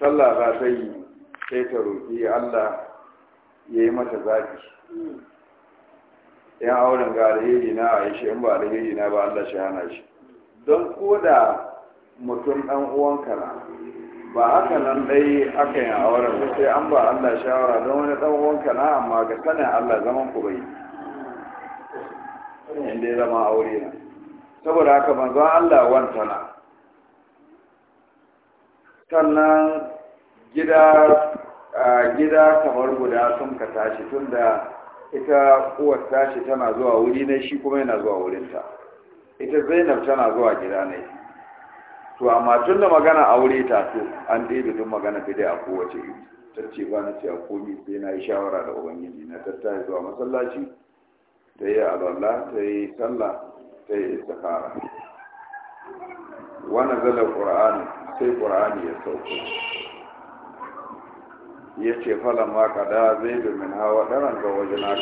sallah za ta yi sai ta roƙi Allah ya yi mata zafi yan auren ga alheri na a shi in ba alheri na ba Allah shi hana shi don ko da mutum ɗan uwan na ba haka nan dai aka yin auren ba sai an ba Allah shawara don wani ɗan uwan na amma ga sanin Allah zaman ku bai inda ya zama aure na saboda haka manzon Allah wantana sannan gida a gida kamar guda sun ka tashi tun da ita uwar tashi tana zuwa wuri na, shi kuma yana zuwa wurinta ita zainab tana zuwa gida ne to amma tun da magana a wuri ta to an daidai tun magana bida a kowace ta ce ba na ce a komi sai na yi shawara da ubangiji na tattara zuwa masallaci ta yi alwallah ta yi sallah ta yi istikara wani zalar ƙura'ani sai ƙura'ani ya sauko ya ce falon ma kada zai domin hawa ɗaran ga waje na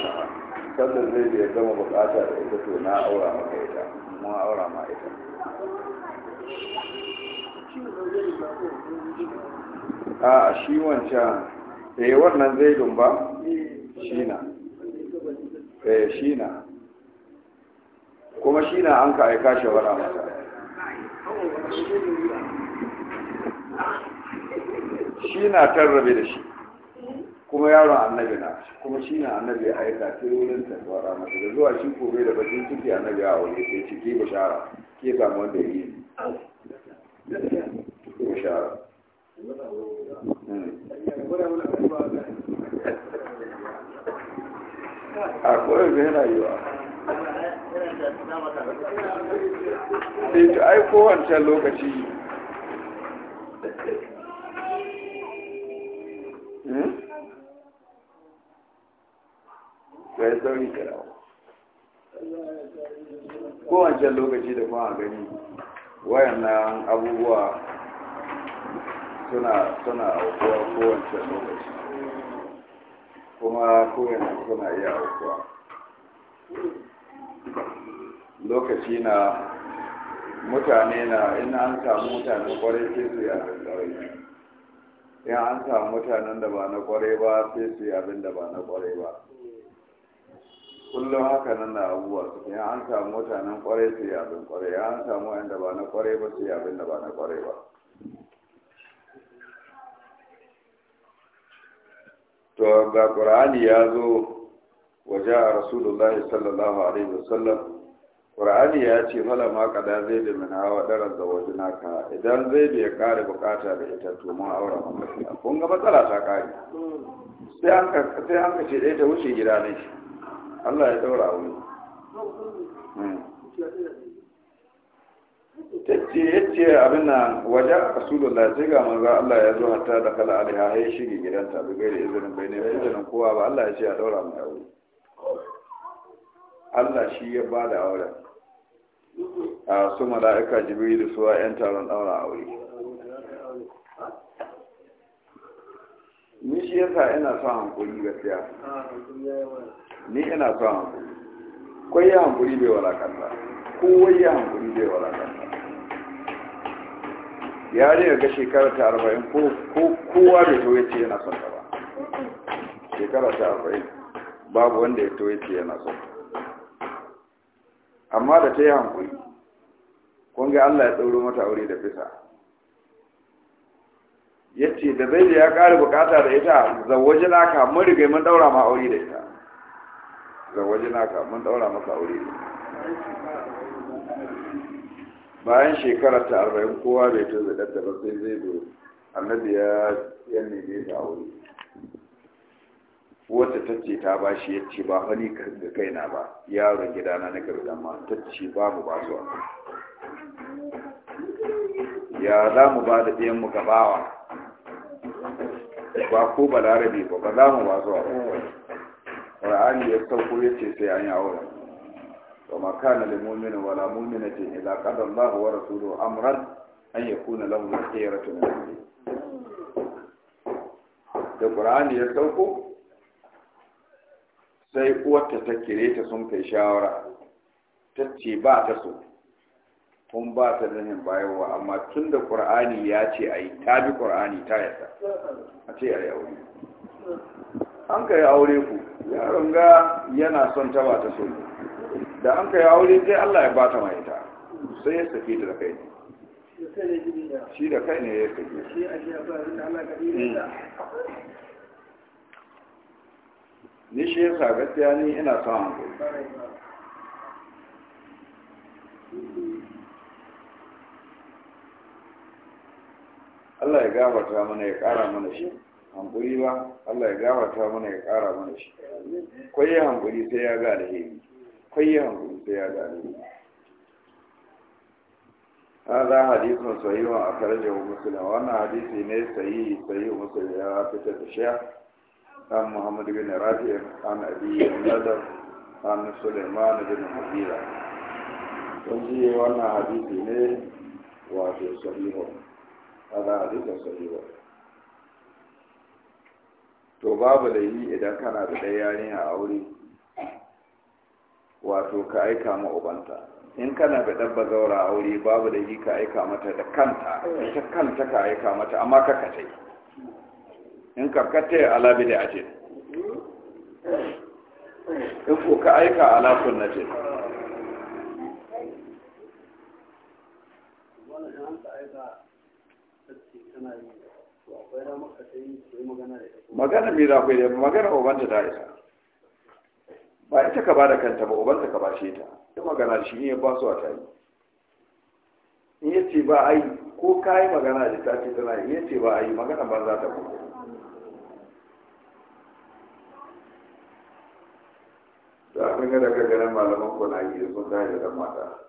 ta zai zai da ya gama bukata da ita to na aura maka ita mun aura ma ita a shi wancan eh wannan zai ba shi na eh shi na kuma shi na an ka kashe shawara masa shi na tarrabe da shi kuma yaron annabi na kuma shi ne annabi ya aika sai wurin tattara masa da zuwa shi kome da bakin ciki annabi a wani sai ciki bishara ke samu wanda yi bishara hmm. a koyar ga yana wa. sai ta aiko wancan lokaci sauri ka dawo kowancan lokaci da kuma gani wayannan abubuwa suna suna aukuwa kowancan lokaci kuma kowanne suna iya aukuwa lokaci na mutane na in an samu mutane kwarai sai su yi abin kwarai in an samu mutanen da ba na kwarai ba sai su yi abin da ba na kwarai ba kullum haka nan na abubuwa su ya an samu mutanen kwarai su abin kwarai ya an samu wanda ba na kwarai ba su abin da ba na kwarai ba to ga qur'ani ya zo waje a rasulullah sallallahu alaihi wasallam qur'ani ya ce fala ma kada zai da min hawa daran zawaji naka idan zai da ya kare bukata da ita to mun aure mun kun ga matsala ta kare sai an ka sai an ka ce dai eh, ta wuce gida ne Allah ya daura wani tacce yace abin nan waje a da sai ga manzo Allah ya zo hatta da kala ya shige gidanta bi gairi izinin bai ne izinin kowa ba Allah ya ce a daura mai aure Allah shi ya ba da auren a su mala'ika jibril su wa yan taron daura aure ni shi yasa ina sa hankali gaskiya ni ina son hankuri kwai ya hankuri bai walakanta kowai ya hankuli bai walakanta ya ne ga shekara ta arba'in ko kowa da to yace yana son ba shekara ta arba'in babu wanda ya to yace yana son amma da ta yi hankuli kun Allah ya tsoro mata aure da fisa yace da zai ya ƙara bukata da ita zawaje naka mun mun daura ma aure da ita zawaji naka mun daura maka aure bayan shekara ta arba'in kowa bai ta zaɗaɗa ba sai zai zo annabi ya yan neme ta aure wata ta ce ta ba shi ya ce ba hali ga kaina ba yaro gidana na garda ma ta ce ba mu ba su ya za mu ba da ɗayan mu gabawa ba ko balarabe ba ba za mu ba su qur'ani ya sauko ya ce sai an yi auren wa ma kana wa mu'mini wala mu'minatin idza qada Allah wa rasuluhu amran an yakuna na khiyaratu min amri da qur'ani ya sauko sai uwarta ta kire ta sun kai shawara ta ce ba ta so kun ba ta zanen bayarwa amma tun da ƙur'ani ya ce a yi ta bi ƙur'ani ta yasa a ce a yi an ka yi aure ku yaron ga yana son ta ba ta so da an ka yi aure sai Allah ya bata mai ta sai ya saki ta da kai ne shi da kai ne ya sake ni shi ya sa gaskiya ni ina son hankali Allah ya gafarta mana ya kara mana shi hankuri ba Allah ya gafarta mana ya kara mana shi kwai ya hankuri sai ya ga alheri kwai ya hankuri sai ya ga alheri هذا حديث صحيح muslim wa وأنا hadithi ne sahihi sahihi muslim ya fitar da shi muhammad bin rafi' رافع abi nadar الندر sulaiman bin بن مغيرة ji Wannan hadithi ne wato sahihu هذا hadithun to babu laifi idan kana da ɗaya yarinya a wuri wato ka aika ma ubanta in kana da ɗan bazaura a wuri babu laifi ka aika mata da kanta ita kanta ka aika mata amma ka kace in ka kace alabi da ace in ko ka aika ala na ce Thank you. magana me da ku yi magana ubanta ta isa ba ita ka ba da kanta ba ubanta ka shi ta ta magana shi ne ba su a yi in ya ce ba a yi ko ka yi magana da ta ce tana in ya ce ba a yi magana ba za ta kuma da abin da ka ganin malaman ku na yi sun da mata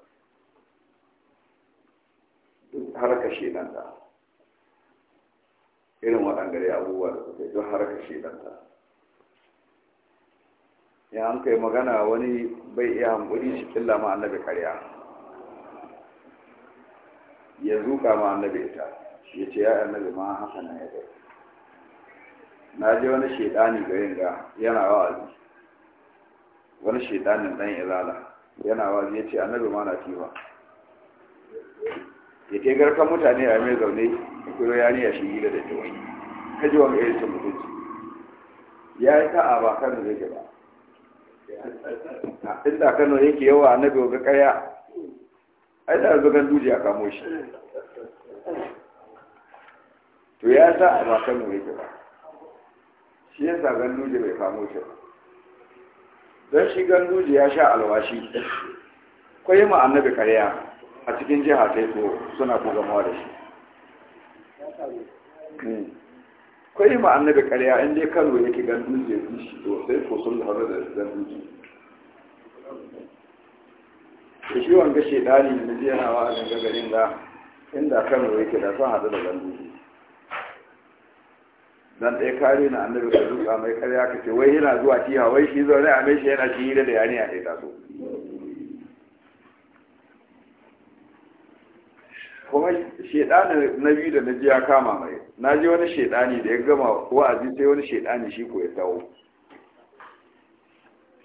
har kashe nan da nan gare abubuwa da suka yi duk harkar shedanta ya an kai magana wani bai iya hankuli shi killa ma annabi karya ya zuka ma annabi ita ya ce ya annabi ma haka na ya bai na ji wani shaidani yin ga yana wazi wani shaidanin dan izala yana wazi ya ce annabi ma na kiwa ya ke garkan mutane a mai zaune kuro yari ya shi gida da wani ji wani irin cin mutunci ya yi sa'a ba kano zai ba inda kano yake yawa na annabi ga karya ai da zugan duji a kamo shi to ya yi a ba kano zai ba shi ya sa ganduje bai kamo shi ba don shi ganduje ya sha alwashi kwaye ma annabi karya a cikin jiha ta yi suna kogamawa da shi hmm. kai ma annabi ƙarya in dai kano yake gan dutse ya fi shi to sai ko sun haura da zan dutse da shi shi shedani da zai yana wa a garin da inda kano yake da sun haɗu da zan dutse dan ɗaya kare na annabi ka zuƙa mai ƙarya ka ce wai yana zuwa tiha wai shi zaune a mai shi yana shi hira da yani a ɗaya taso kuma shedani na biyu da na ji ya kama mai na ji wani shedani da ya gama wa'azi sai wani shedani shi ko ya tawo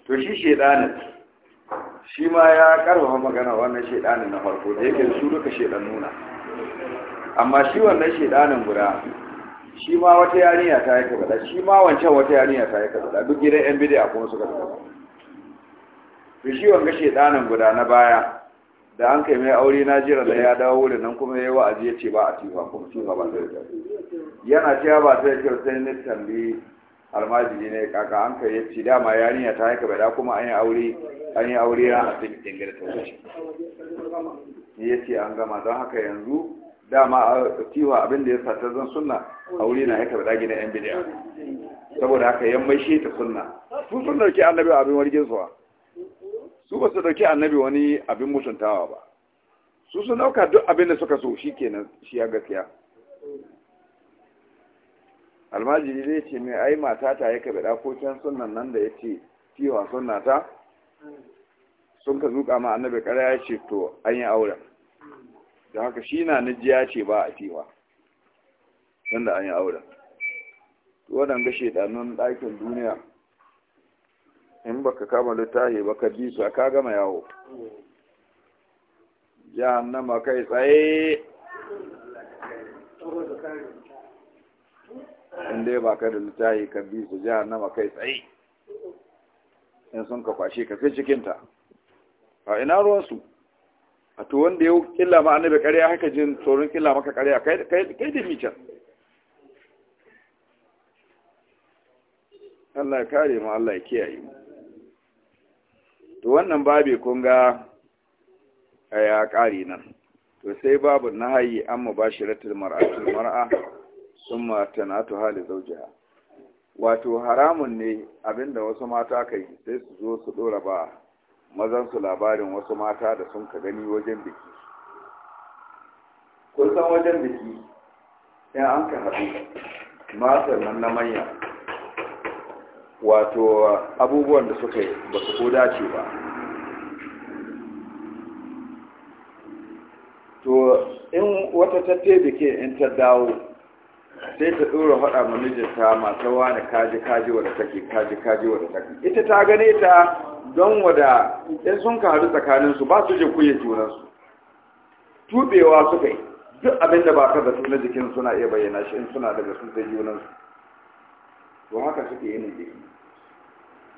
to shi shedani shi ma ya karfafa magana wannan shedani na farko da yake su duka shedan nuna amma shi wannan shedanin guda shi ma wata yarinya ta yi kaza shi ma wancan wata yarinya ta yi kaza duk gidan yan bidiya kuma suka kaza to shi wanga shedanin guda na baya da an kai mai aure na jira da ya dawo da nan kuma ya yi wa'azi ya ce ba a tifa kuma tifa ba zai da yana cewa ba zai da sai ne tambi almajiri ne kaka an kai ya ce dama yarinya ta haika bai da kuma an yi aure an yi aure ran asibitin gida ta wuce ya ce an gama don haka yanzu dama tiwa abin da ya sa ta zan sunna aure na haika bai da gidan yan bidiya saboda haka yan shi ta sunna su sunnar ke annabi abin wargin suwa su ba su dauki annabi wani abin mutuntawa ba su sun dauka duk abin da suka so shi kenan shi ya gaskiya almajiri zai ce mai ai mata ta ya kabe dakokin sunan nan da ya ce fiwa sunna ta sun ka zuka ma annabi kare ya ce to an yi auren da haka shi na nijiya ce ba a fiwa don da an yi auren waɗanda shaidanun ɗakin duniya in baka kama littafi ba ka bi su ka gama yawo jahannama kai tsaye in dai ba ka da littafi ka bi su jahannama kai tsaye in sun ka kwashe ka fi cikinta a ina ruwan su? a to wanda ya killa ma annabi kariya haka jin tsoron killa maka kariya kai da mican Allah ya kare mu Allah ya kiyaye mu to wannan babi kun ga ya ƙari nan to sai babu na nahayi an mubashiratul mar'atul mar'a summa tanatu hali zawjiha wato haramun ne abinda wasu mata kai sai su zo su dora ba mazan su labarin wasu mata da sun ka gani wajen biki kun san wajen biki sai an ka haɗu matar nan na manya wato abubuwan da suka yi ba su ko dace ba to in wata tatte da ke in ta dawo sai ta ɗora faɗa ma mijinta mata wani kaji kaji wadda take kaji kaji wadda take ita ta gane ta don wada in sun ka tsakaninsu ba su je kuye junansu tubewa suka yi duk abinda ba ka da su na jikin suna iya bayyana shi in suna daga sun sai junansu to haka suke yin jiki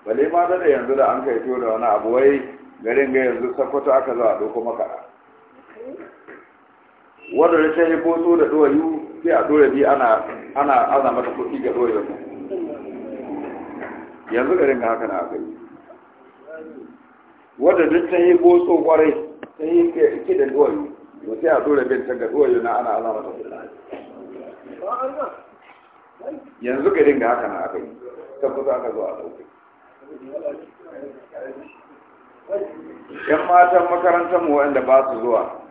bale ma da yanzu da an kai to da wani abu wai garin ga yanzu sakwato aka zo a doko maka? wadda da ta yi to da doyu sai a ɗora bi ana ana ana mata kuɗi ga doyu yanzu garin ga haka na aka yi wadda duk ta yi boso kwarai ta yi ke da doyu to sai a ɗora bin ta ga doyu na ana ana mata kuɗi yanzu garin ga haka na aka yi ta kusa aka zo a ɗauke yan matan makarantar mu wanda ba su zuwa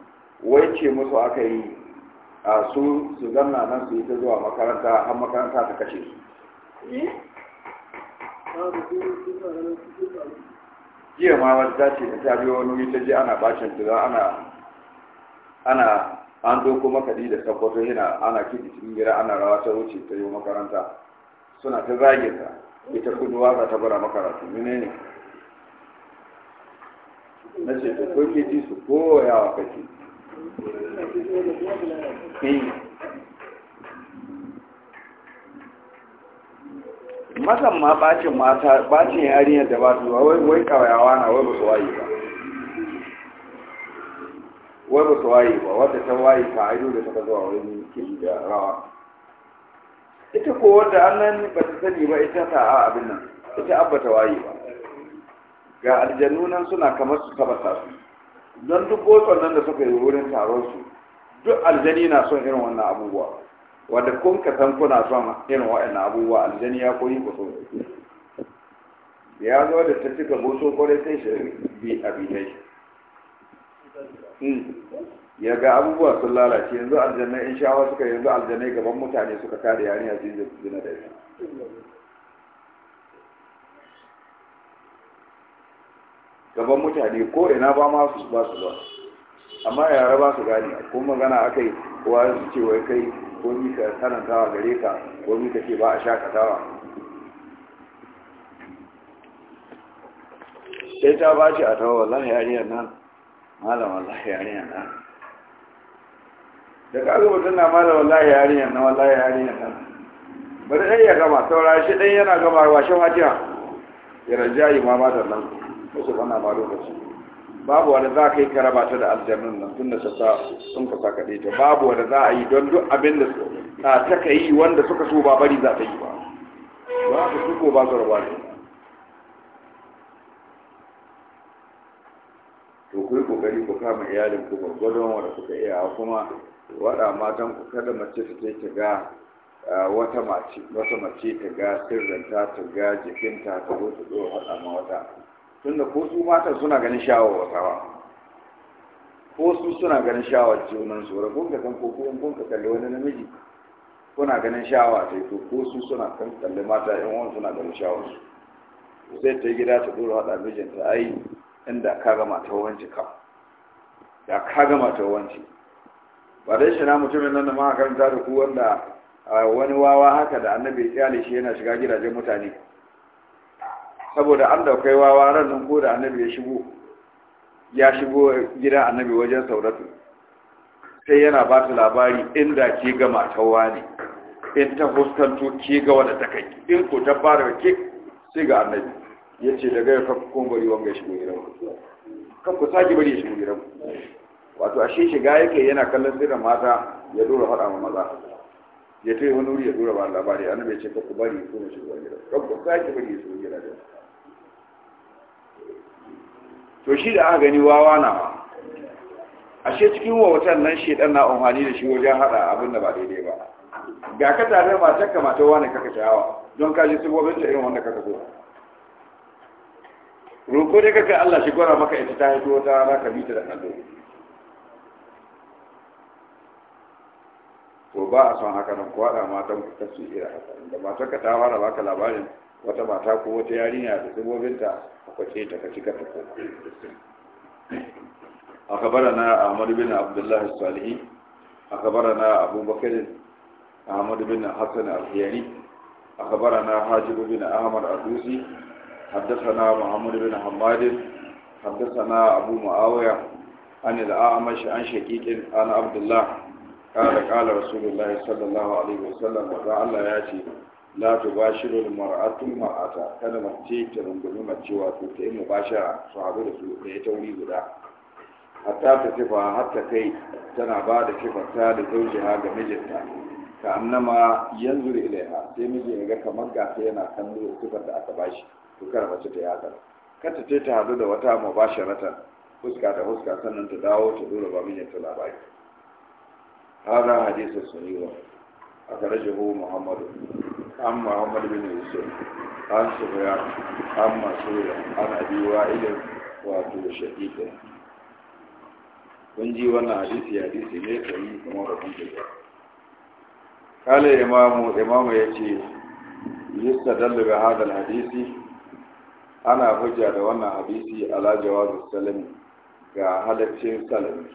wai ce musu aka yi a su su zanna nan su yi ta zuwa makaranta har makaranta ta kashe su jiya ma wata ta ce ta biyo wani wuri ta je ana bacin su ana ana an doko makaɗi da tabbato yana ana kiɗi cikin gida ana rawa ta wuce ta yi makaranta suna ta zage ta ita kuduwa za ta bara makaratu mene ne na ce ta ko ke ji su koyawa kake eh. Masan ma bacin mata bacin yarinyar da ba su wai wai kawayawa na wai ba su waye ba wai ba ta waye ba wadda ta waye ta aido da ta zuwa wani yi da rawa ita ko wadda annan ba ta sani ba ita ta a abin nan ita abba ta waye ba ga aljannu nan suna kamar su tabata su don duk boson nan da suka yi wurin taron su duk aljani na son irin wannan abubuwa wadda kun ka san kuna son irin waɗannan abubuwa aljani ya koyi ku ya zo da ta cika boso kwarai sai shi bi abinai Hmm. ya ga abubuwa sun lalace yanzu aljannai in shawa suka yanzu aljannai gaban mutane suka kare yarinya su yi zina da shi gaban mutane ko ina ba ma su ba su ba amma yara ba su gane ko magana aka yi kowa su ce wai kai ko ni ka tsanantawa gare ka ko ni ka ce ba a shakatawa sai ta ba ce a tawa wallahi yariyar nan malam wallahi yarinya na da ka ga mutum na malam wallahi yarinya na wallahi yarinya na bari ɗan ya gama saura shi ɗan yana gama washe fatiha ya rajayi ma ba da nan wasu bana ma lokaci babu wanda za ka yi karaba ta da aljannun nan tun da sassa sun ka saka ta babu wanda za a yi don duk abin da ta ka yi wanda suka so ba bari za ta yi ba ba ka suko ba su rabuwa ne taimaka ma iyalin ku gwargwadon wanda kuka iya kuma waɗa matan ku kada mace ta ta ga wata mace wata mace ta ga sirrinta ta ga jikinta ta zo ta zo hada ma wata tunda ko su matan suna ganin shawar wata ko su suna ganin shawar junan su ko ka san ko kun ka kalli wani namiji kuna ganin shawa sai to ko su suna kan kalli mata yan uwan suna ganin shawar su sai ta gida ta dora hada mijinta ai inda ka gama ta wanci kam ya ka gama wanci ba dai shi na mutumin nan da ma karanta da ku wanda wani wawa haka da annabi tsali shi yana shiga gidajen mutane saboda an daukai wawa ran nan ko da annabi ya shigo ya shigo gidan annabi wajen sauratu sai yana ba su labari inda ke ga matawa ne in ta huskanto ke ga wanda ta kai in ko ta fara ke sai ga annabi ya ce daga ya kafa bari wanga shigo gidan mutuwa kan ku sake bari ya shigo gidan wato ashe shiga yake yana kallon sirrin mata ya dora fada ma maza ya tare wani wuri ya dora ba labari annabi ya ce ku bari ku mu shigo gidan kan ku sake bari ya shigo gidan to shi da aka gani wawa na ashe cikin wawatan nan shedan na amfani da shi wajen hada abin da ba daidai ba ga ka tare matar takka mata wani kaka shawa don ka ji sabobin ta irin wanda kaka so roko ne kaka Allah shi gwara maka ita ta hito ta rana ka bita da kallo to ba a son haka nan ko haɗa matan ku kasu ira haka da matar ka ta fara baka labarin wata mata ko wata yarinya da tsibobinta a kwace ta ka cika ta koma أخبرنا أحمد بن عبد الله Abubakar أخبرنا bin Hassan al بن A الحياني أخبرنا bin ahmad al-dusi حدثنا محمد بن حماد حدثنا أبو معاوية عن الأعمش عن شقيق عن عبد الله قال قال رسول الله صلى الله عليه وسلم وقال الله ياتي لا تباشر المرأة المرأة كان مكتي ترنبني مكتي وتوتي مباشرة صحابة رسول الله تولي غدا حتى تصفى حتى كي تنا بعد صفتها لزوجها بمجدها كأنما ينظر إليها سيمجي إذا كمرقع سينا كان له صفة أتباشر to kar mace ta yaka kar ta ce ta hadu da wata rata, fuska da fuska sannan ta dawo ta dora ba min ta labari hada hadisin sunniwa hu muhammad an muhammad bin yusuf an sufiyan an ya an abi wa'ilin wato shadidin kun ji wannan hadisi hadisi ne kai kuma da kun ji kale imamu imamu yace yustadallu bi hadal hadisi ana hujja da wannan hadisi ala jawazu salami ga halaccin salami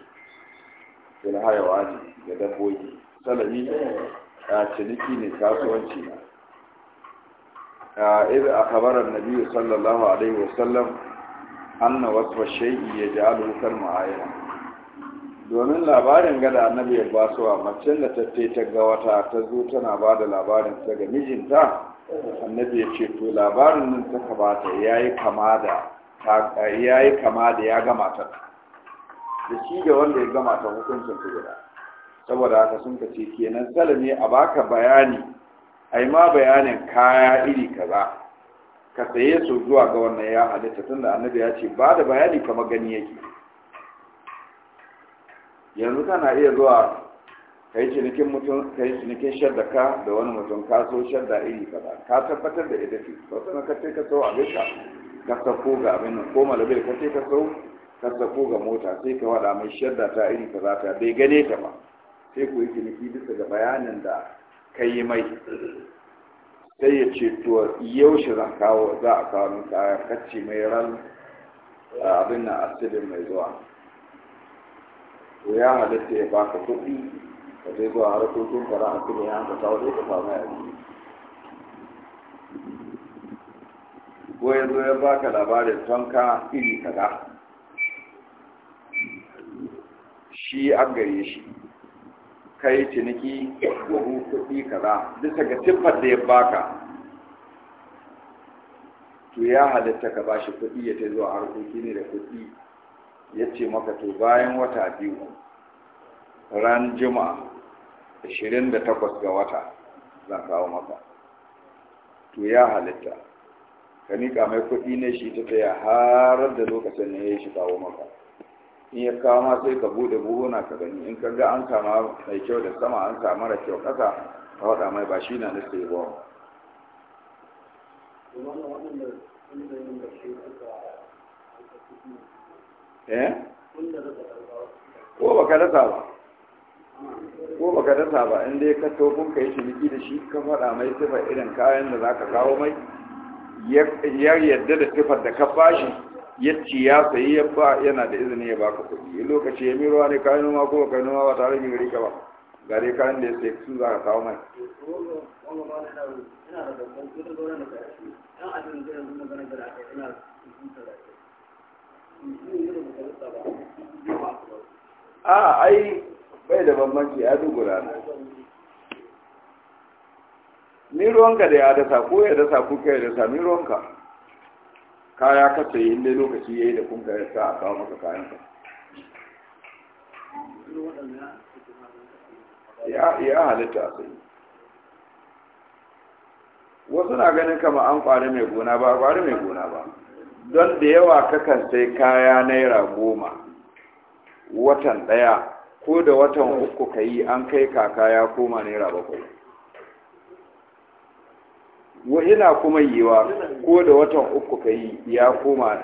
hayawa hayawani da dabbobi salami a ciniki ne kasuwanci na a idan a kabarar nabi sallallahu alaihi wasallam anna wasfa shay'i ya ji alukar ma'ayyana domin labarin gada annabi ya basuwa macen da ta ta ga wata ta zo tana ba da labarin ta ga mijinta annabi ya ce to labarin nan ta kabata ya yi kama da ya gama ta da shi da wanda ya gama ta hukuncin guda saboda haka sun ka ce kenan salami a baka bayani a ma bayanin kaya iri kaza ka saye su zuwa ga wannan ya halitta tunda annabi ya ce ba da bayani kamar gani yake yanzu kana iya zuwa kai cinikin mutum kai cinikin shadda ka da wani mutum ka so shadda iri ba ka tabbatar da ita ce ko sanan ka ce ka so abin ka ka sako ga abin nan ko malabil ka ce ka so ka sako ga mota sai ka wada mai shadda ta iri za ta bai gane ta ba sai ku yi ciniki bisa ga bayanin da ka yi mai sai ya ce to yaushe za kawo za a kawo ka kacce mai ran abin nan asibin mai zuwa to ya halitta ya baka kuɗi ka je zuwa harkokin a su ya haka ta waje ka ya yi. ko ya zo ya baka labarin tonka iri kaza shi an gare shi kai ciniki buhu kuɗi kaza bisa ga siffar da ya baka to ya halitta ka ba shi kuɗi ya ta zuwa harkokin ne da kuɗi ya ce maka to bayan wata biyu ran juma'a 28 ga wata zan kawo maka to ya halitta ka nika mai kuɗi ne shi ta taya har da lokacin ne ya shi kawo maka in ya kawo ma sai ka buɗe buhuna ka gani in ka ga an kama mai kyau da sama an kama mara kyau ƙasa ka waɗa mai ba shi na na sai ba eh ko ka rasa ba ko baka dasa ba in dai ka tofin ka yi ciniki da shi ka faɗa mai sifa irin kayan da zaka kawo mai ya yarda da sifar da ka bashi ya ci ya sayi ya ba yana da izini ya baka kuɗi lokaci ya miro ne kayan noma ko kayan noma ba tare da gari ka ba gare kayan da ya sai su za ka kawo mai a ai bai da bambanci ya guda ne ni ruwanka da ya dasa ko ya dasa ko ka ya dasa ni ruwanka kaya ka ce yin dai lokaci ya yi da kunka ya sa a kawo maka kayan ka ya halitta halitta sai wasu na ganin kama an kwari mai gona ba kwari mai gona ba don da yawa kakan sai kaya naira goma watan ɗaya ko da watan uku ka yi an kai kaka ya koma naira bakwai yana kuma yiwa ko da watan uku ka yi ya koma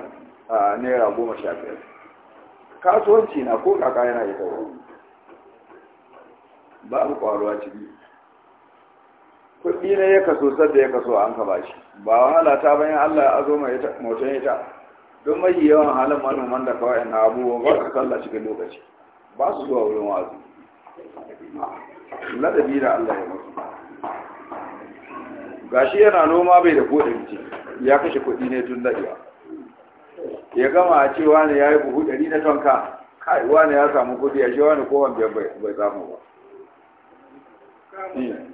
naira goma sha biyar kasuwanci na ko kaka yana yi kawo ba mu kwaruwa ciki kuɗi ne ya kaso sadda ya kaso an ka bashi ba wahala ta bayan allah ya azo mai ya ita don mai yawan halin manoman da kawai na abubuwan ba ka kalla cikin lokaci ba su zuwa wurin wazi ladabi da Allah ya masu gashi yana noma bai da kodin ce ya kashe kudi ne tun dadewa ya gama a cewa ne ya yi buhu ɗari na tonka kai wani ya samu kudi ya ce wani kowan biyar bai samu ba hmm.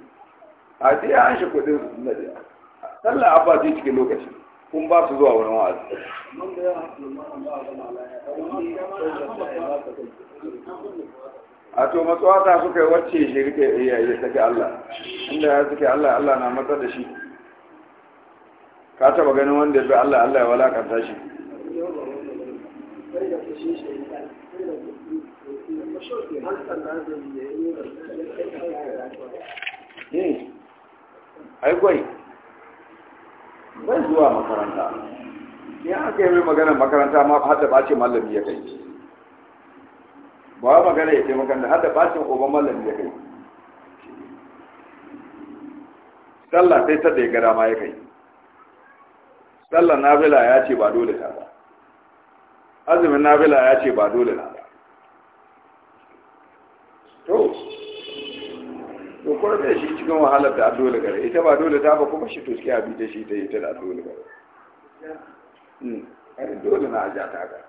a ce ya hanshi kudin su tun sallah abba zai cikin lokaci kun ba su zuwa wani wa'azi a to masu wata suka yi wacce shi rike yi sake Allah inda ya suke Allah Allah na matsar da shi ka taba ganin wanda ya bi Allah Allah ya walakanta shi eh, Ai, gwai, bai zuwa makaranta ya aka yi magana makaranta ma har da bacin mallami ya kai ba wa magana ya kai makaranta har da bacin oban mallami ya kai sallah sai ta ya gara ma ya kai sallah nabila ya ce ba dole na ba azumin nabila ya ce ba dole na ba to to da shi cikin wahalar da dole gare ita ba dole ta ba kuma shi to a abi da shi ta yi da dole gare hmm, ai dole na aja ta ga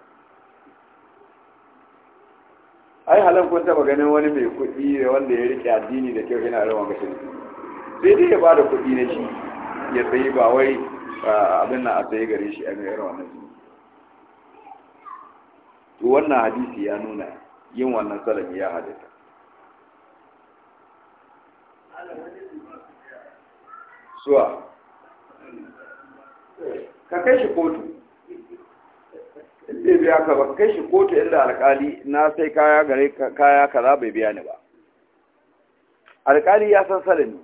ai halan kun taba ganin wani mai kuɗi wanda ya rike addini da kyau yana rawan gashin sai dai ya bada kuɗi na shi ya sayi ba wai abin na a sayi gare shi a mai rawan nan to wannan hadisi ya nuna yin wannan salami ya halitta suwa ka kai shi kotu inda biya ka ba kai shi kotu inda alkali na sai kaya gare kaya kaza bai biya ni ba alkali ya san sarin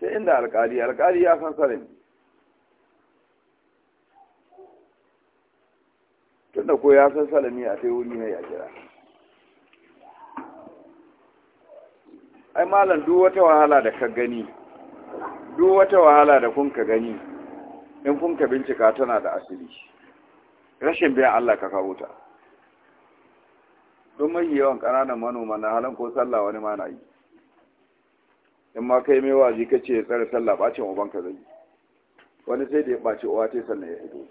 ta inda alkali alkali ya san salami tunda ko ya san salami a sai wuri ne ya jira ai malam duk wata wahala da ka gani duk wata wahala da kun ka gani in kun ka bincika tana da asiri rashin biyan Allah ka kawo ta don mai yawan ƙananan manoma na halin ko sallah wani ma na yi in ma kai mai wazi ka ce tsare sallah bacin ka zai wani sai da ya ɓaci uwa ta sannan ya fito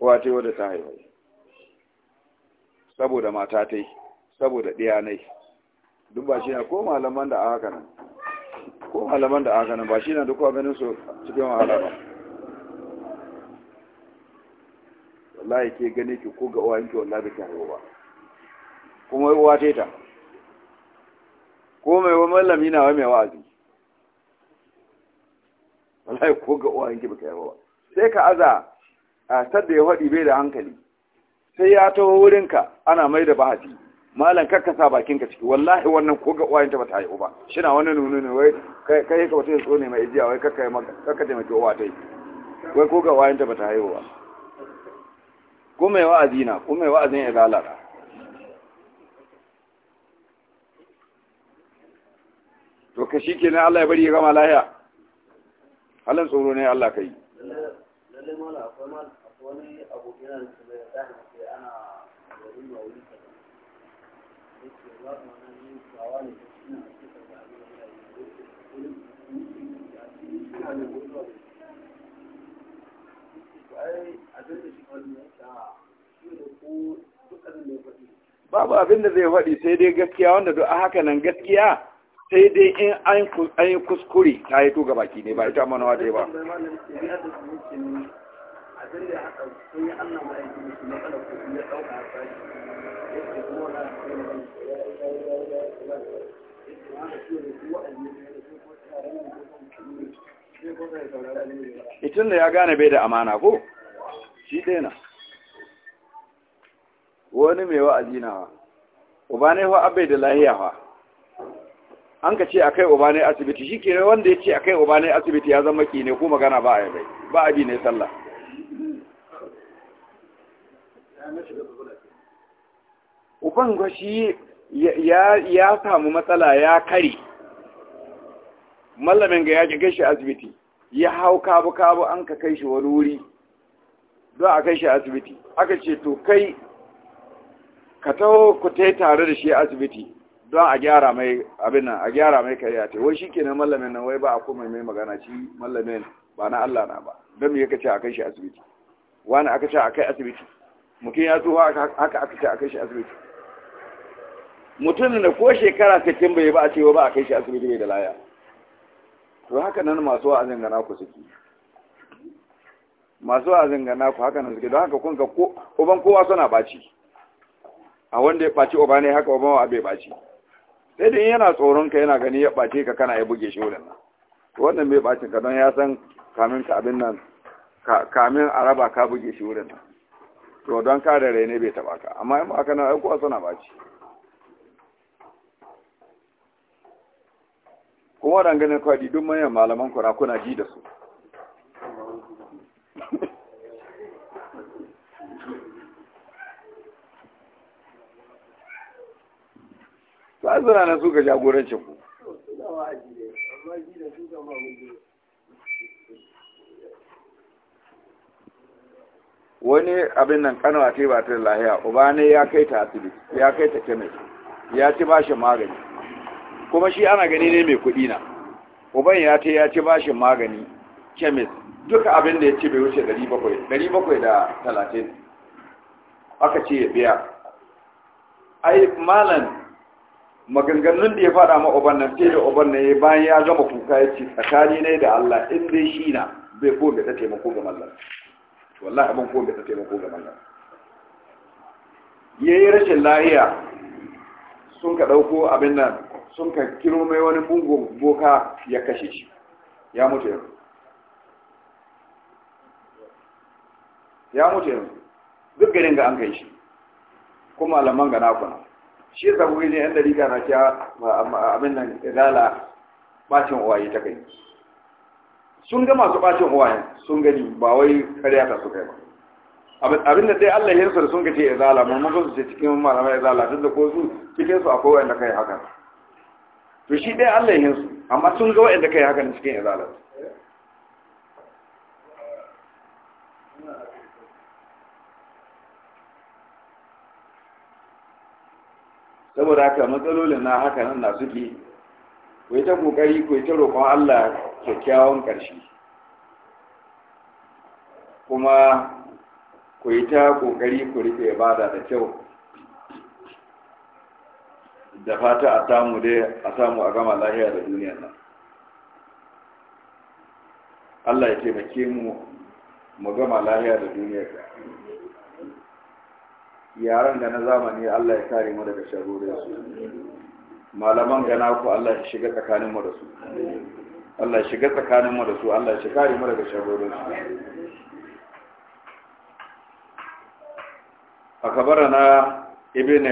uwa ta wadda ta haifa saboda mata ta saboda ɗiya nai duk ba shi na ko malaman da a haka nan ko malaman da aka nan ba shi na duk wa ganin su cikin wahala ba wallahi ke gane ki ko ga uwa ki wallahi ki haihu ba kuma uwa ta ta ko mai wa mallami na wa mai wa'azi wallahi ko ga uwayen ki baka haihu ba sai ka aza a sadda ya faɗi bai da hankali sai ya taho wurinka ana mai da bahati. malam ka sa bakin ka ciki wallahi wannan ko ga uwayen ta bata haihu ba shina wani nunu ne wai kai kai ka wata ne mai ijiya wai kakka kakka taimaki uwa tai wai ko ga uwayen ta bata haihu ba ko mai wa'azi na ko mai wa'azin izala to ka shi kenan Allah ya bari ya gama lahiya halin tsoro ne Allah kai lalle mala akwai da ana babu abin da zai faɗi sai dai gaskiya wanda duk haka nan gaskiya sai dai in an yi kuskure ta yi toga baki ne ba ita manawa dai ba da haka sun yi ya ɗauka itin da ya gane bai da amana ko shi ɗaya wani mai wa'azi wa uba ne wa abai da lahiya wa an ka ce akai uba ne asibiti shi ke wanda ya ce akai uba ne asibiti ya zama ki ne ko magana ba a yi bai ba a bi ne sallah uban gwashi ya samu matsala ya kare mallamin ga ya kai shi asibiti ya hau kabu-kabu an ka kai shi wani wuri don a kai shi asibiti aka ce to kai ka taho ku ta tare da shi asibiti don a gyara mai abin a gyara mai kariya ta wai shi kenan mallamin nan wai ba a kuma mai magana shi mallamin ba na Allah na ba don mu yake ce a kai shi asibiti wani aka ce a kai asibiti mutum ya haka aka ce a kai shi asibiti mutumin da ko shekara sittin bai ba a cewa ba a kai shi asibiti mai da laya to haka nan masu wa'azin gana ku suke masu wa'azin gana ku haka nan suke don haka kun ga ko uban kowa suna baci a wanda ya baci uba ne haka uban wa bai baci sai dai yana tsoron ka yana gani ya bace ka kana ya buge shi wurin nan to wannan bai bacin ka don ya san kamin ka abin nan kamin araba ka buge shi wurin nan to don ka da rai ne bai taba ka amma in ba ka na aikowa suna baci kuma ranganin kwadi duk manyan malaman kuna kuna ji da su ba zana na suka jagorancin ku wani abin nan kano a ta lahiya uba ne ya kai ta asibiti ya kai ta kemis ya ci ba shi magani kuma shi ana gani ne mai kuɗi na uban ya ta ya ci bashin magani kemis duka abin da ya ce bai wuce 730 aka ce ya biya ai malan maganganun da ya faɗa ma uban nan sai da uban nan ya bayan ya gama kuka ya ce tsakani ne da Allah in dai shi na bai ko da ta taimako ga mallan wallahi abin ko da ta taimako ga mallan yayi rashin lahiya sun ka dauko abin nan sun ka kiro mai wani bugun boka ya kashe shi ya mutu yanzu ya mutu yanzu duk garin ga an kai shi kuma alaman ga nakuna shi yasa kuke ne yan dariga na kya abin nan izala bacin uwaye ta kai sun ga masu bacin uwaye sun gani ba wai karya ta su kai ba Abin da dai Allah ya yarsa sun gace izala mun mun su ce cikin malamai izala duk da ko su cikin su akwai wanda kai haka to shi dai Allah yin su amma sun ga wa'anda kai haka cikin izalar saboda haka matsalolin na haka nan na suke ku ta kokari ku ta roƙon Allah kyakkyawan ƙarshe kuma ku ta kokari ku rike ibada da kyau da fata a samu dai a samu a gama lahiya da duniyar nan Allah ya taimake mu mu gama lahiya da duniyar yaran da na zamani Allah ya kare mu daga sharurin su malaman gana ku Allah ya shiga tsakanin mu da su Allah ya shiga tsakanin mu da su Allah ya kare mu daga sharurin su akabarana ibn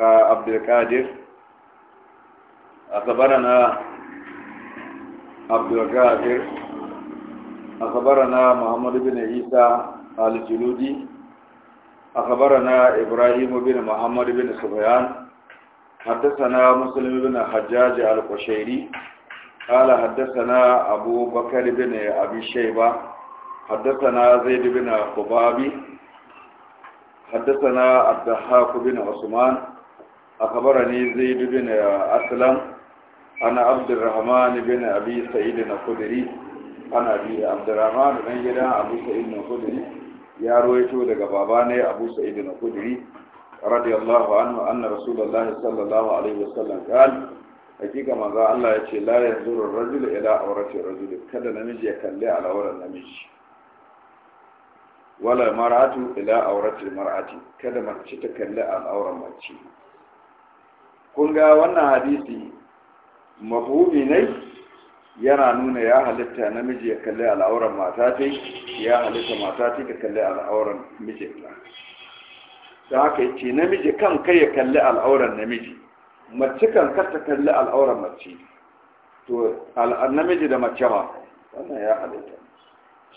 عبد القادر أخبرنا عبد القادر أخبرنا محمد بن عيسى الجلودي أخبرنا إبراهيم بن محمد بن سفيان حدثنا مسلم بن حجاج القشيري قال حدثنا أبو بكر بن أبي شيبة حدثنا زيد بن خبابي حدثنا عبد الحاق بن عثمان أخبرني زيد بن أسلم أنا عبد الرحمن بن أبي سعيد الخدري أنا أبي عبد الرحمن بن جدا أبو سعيد الخدري يا رويتو دغ باباني أبو سعيد الخدري رضي الله عنه أن رسول الله صلى الله عليه وسلم قال hakika manzo Allah ya ce la yanzuru ar-rajulu ila awrati ar-rajuli kada namiji ya kalli al'auran namiji wala mar'atu ila awrati mar'ati kada mace ta kalli al'auran mace kun ga wannan hadisi mafhumi ne yana nuna ya halitta namiji ya kalli al'auran mata ce ya halitta mata ce ka kalli al'auran mijinta da haka ce namiji kan kai ya kalli al'auran namiji mace kan karta ta kalli al'auran mace to namiji da mace ma wannan ya halitta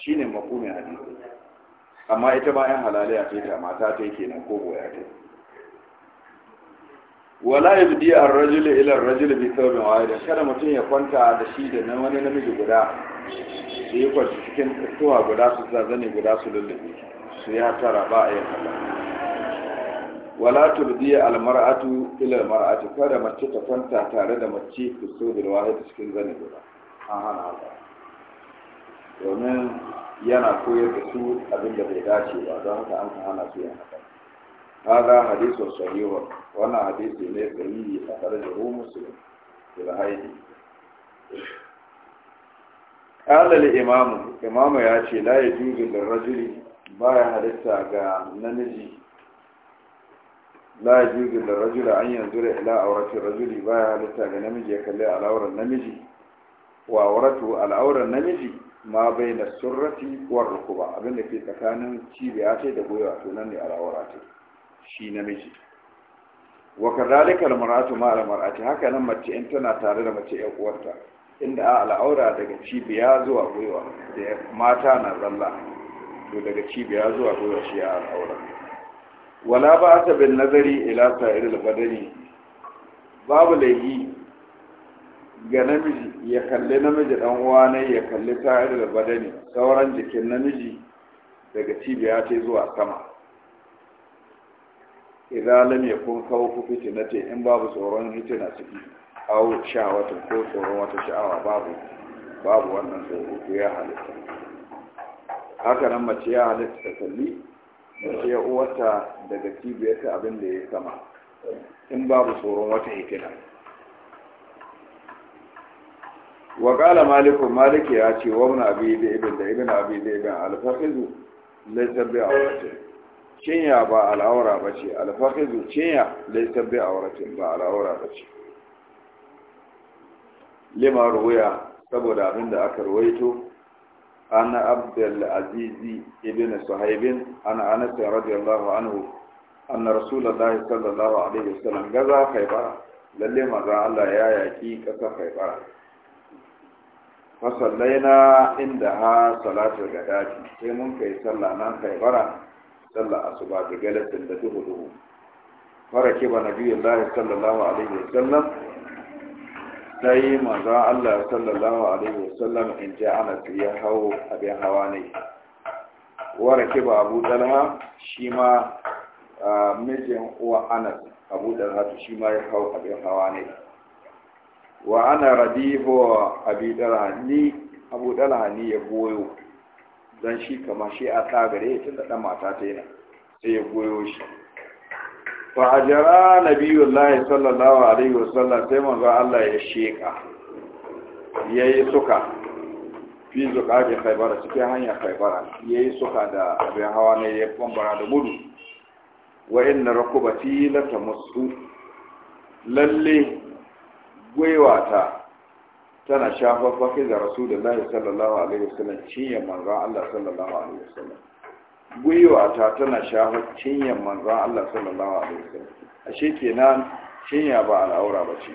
shine mafhumin hadisi amma ita ma yan halaliya ce ta mata ta kenan ko boya ta wala yabdi ar-rajulu ila ar-rajuli bi thawbin wahidin kada mutum ya kwanta da shi da nan wani namiji guda da ya kwanci cikin tuwa guda su zazane guda su lullube su ya tara ba a yin haka wala tubdi al-mar'atu ila al-mar'ati kada mace ta kwanta tare da mace su so da wahid cikin zane guda an hana haka domin yana koyar da su abin da bai dace ba don haka an hana su yin haka هذا حديث صحيح وانا حديث ليس لي اخرجه مسلم في الهيدي قال الامام امام يا شي لا يجوز للرجل baya halitta ga namiji la yajuzu lirrajuli an yanzura ila aurati rajuli baya halitta ga namiji ya kalli al'auran namiji wa al'auran namiji ma bai na surrati war rukuba abinda ke tsakanin cibiya ce da goyawa to nan ne al'aura ce shi namiji wa kadhalika maratu ma marati haka nan mace in tana tare da mace ƴan uwarta inda a al'aura daga cibiya zuwa gwiwa da mata na zalla to daga cibiya zuwa gwiwa shi a al'aura wala ba ta bin nazari ila al badani babu laifi ga namiji ya kalli namiji dan uwa ne ya kalli al badani sauran jikin namiji daga cibiya ta zuwa sama idan lam yakun khawfu fitnati in babu tsoron fitina ciki aw sha'awatin ko tsoron wata sha'awa babu babu wannan tsoro ko ya halitta haka nan mace ya halitta ta kalli mace ya uwarta daga kibiyarta abin da ya sama in babu tsoron wata fitina wa qala malikun maliki ya ce wa ibn abi da ibn da ibn abi da ibn al-faqidu laysa bi'awatin cinya ba al'aura ba ce alfahizu cinya laisar bai auratin ba al'aura ba ce limar wuya saboda abin da aka ruwaito an abdul azizi ibn suhaibin ana anas radiyallahu anhu anna rasulullahi sallallahu alaihi wasallam gaza khaybar lalle maza Allah ya yaki kasa khaybar fa sallaina inda ha salatul gadati sai mun kai sallah nan khaybara sallar asuba da galatin da duhu duhu farake ba nabi Allah sallallahu alaihi wasallam sai manzon Allah sallallahu alaihi wasallam in ja ana ya hawo abin hawa ne warake ba Abu Talha shi ma mijin uwa Anas Abu Talha shi ma ya hawo abin hawa ne wa Abu ni ya don shi kama shi a ta gare ya tunda ɗan mata ta yana sai ya goyo shi Ba a na biyu lahi sallallahu alaihi wasallam sai manzo Allah ya sheka Ya yi suka fi zuka bi haibara cikin hanya Ya yi suka da abin hawa na ya kwambara da gudu wa na rakubati ta musu lalle ta. tana shafar baki ga rasulullahi sallallahu alaihi wasallam cinyan manzon Allah sallallahu alaihi wasallam gwiwa ta tana shafar cinyan manzon Allah sallallahu alaihi wasallam ashe kenan cinya ba al'aura ba ce